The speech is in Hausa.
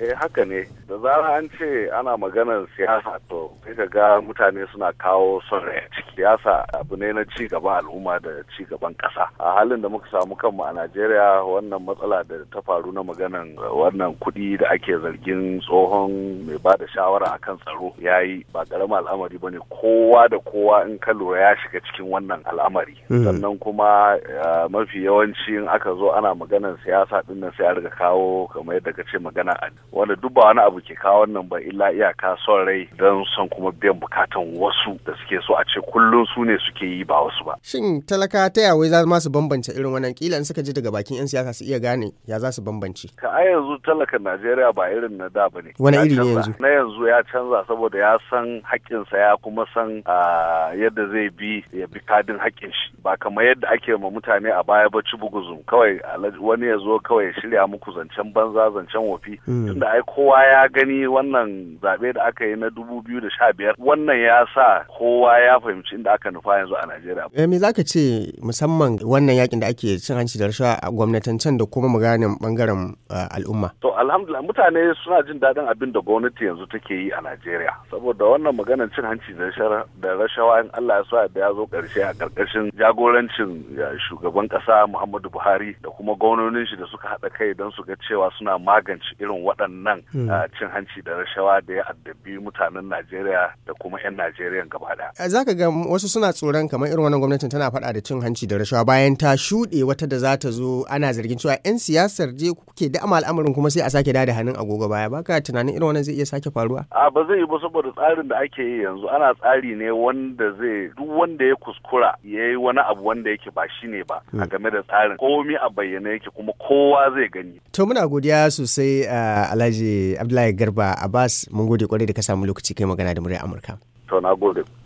eh haka ne da zara an ce ana maganar siyasa to sai ga mutane suna kawo son rai ciki siyasa abu ne na ci gaban al'umma da ci gaban ƙasa a halin da muka samu kanmu a Najeriya wannan matsala da ta faru na maganar wannan kuɗi da ake zargin tsohon mai ba da shawara akan tsaro ya yi ba ƙaramin al'amari ba ne kowa da kowa in ka lura ya shiga cikin wannan al'amari hmm. sannan kuma eh, mafi yawanci in aka zo ana maganar siyasa dinnan sai a riga kawo kamar yadda ka ce magana a wanda duk ba wani abu ke kawo wannan ba illa iyaka son rai don son kuma biyan bukatan wasu da suke so a ce kullum su ne suke yi ba wasu ba. Shin talaka ta yawai za su bambance irin wannan kila in suka ji daga bakin 'yan siyasa su iya gane ya za su bambance. Ka a yanzu talakan Najeriya ba irin na da ba ne. Wani iri ne yanzu? Na yanzu ya canza saboda ya san haƙƙinsa ya kuma san yadda zai bi ya bi kadin haƙƙin shi ba kamar yadda ake ma mutane a baya ba ci buguzum kawai wani ya zo kawai ya shirya muku zancen banza zancen wofi. Hmm. Da ai kowa ya gani wannan zaɓe da aka yi na dubu biyu da sha biyar wannan ya sa kowa ya fahimci inda aka nufa yanzu a Najeriya. Eh me zaka ce musamman wannan yakin da ake cin hanci da rashawa a gwamnatin can da kuma maganin bangaren eh, al'umma. To alhamdulillah mutane suna jin daɗin abin da gwamnati yanzu take yi a Najeriya saboda wannan maganar cin hanci da rashawa in Allah ya sa da ya zo ƙarshe a ƙarƙashin jagorancin eh, shugaban ƙasa Muhammadu Buhari da kuma gwamnonin shi da suka haɗa kai don su ga cewa suna magance irin waɗannan a hmm. ah, cin hanci da rashawa da ya addabi mutanen Najeriya da kuma 'yan Najeriya gaba ɗaya. Eh, za ka ga wasu suna tsoron kamar irin wannan gwamnatin tana faɗa da cin hanci da rashawa bayan ta shuɗe wata da za ta zo ana zargin cewa 'yan siyasar je kuke da al'amarin kuma sai a sake da hannun agogo baya baka tunanin irin wannan zai iya sake faruwa. A ba zai yi ba saboda tsarin da ake yi yanzu ana tsari ne wanda zai duk wanda ya kuskura ya yi wani abu wanda yake ba shi ne ba a hmm. game da tsarin komi a bayyana yake kuma kowa zai gani. To muna godiya sosai a ah, Alhaji Abdullahi Garba Abbas mun gode kwarai da ka samu lokaci kai magana da murya Amurka. To na gode.